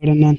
none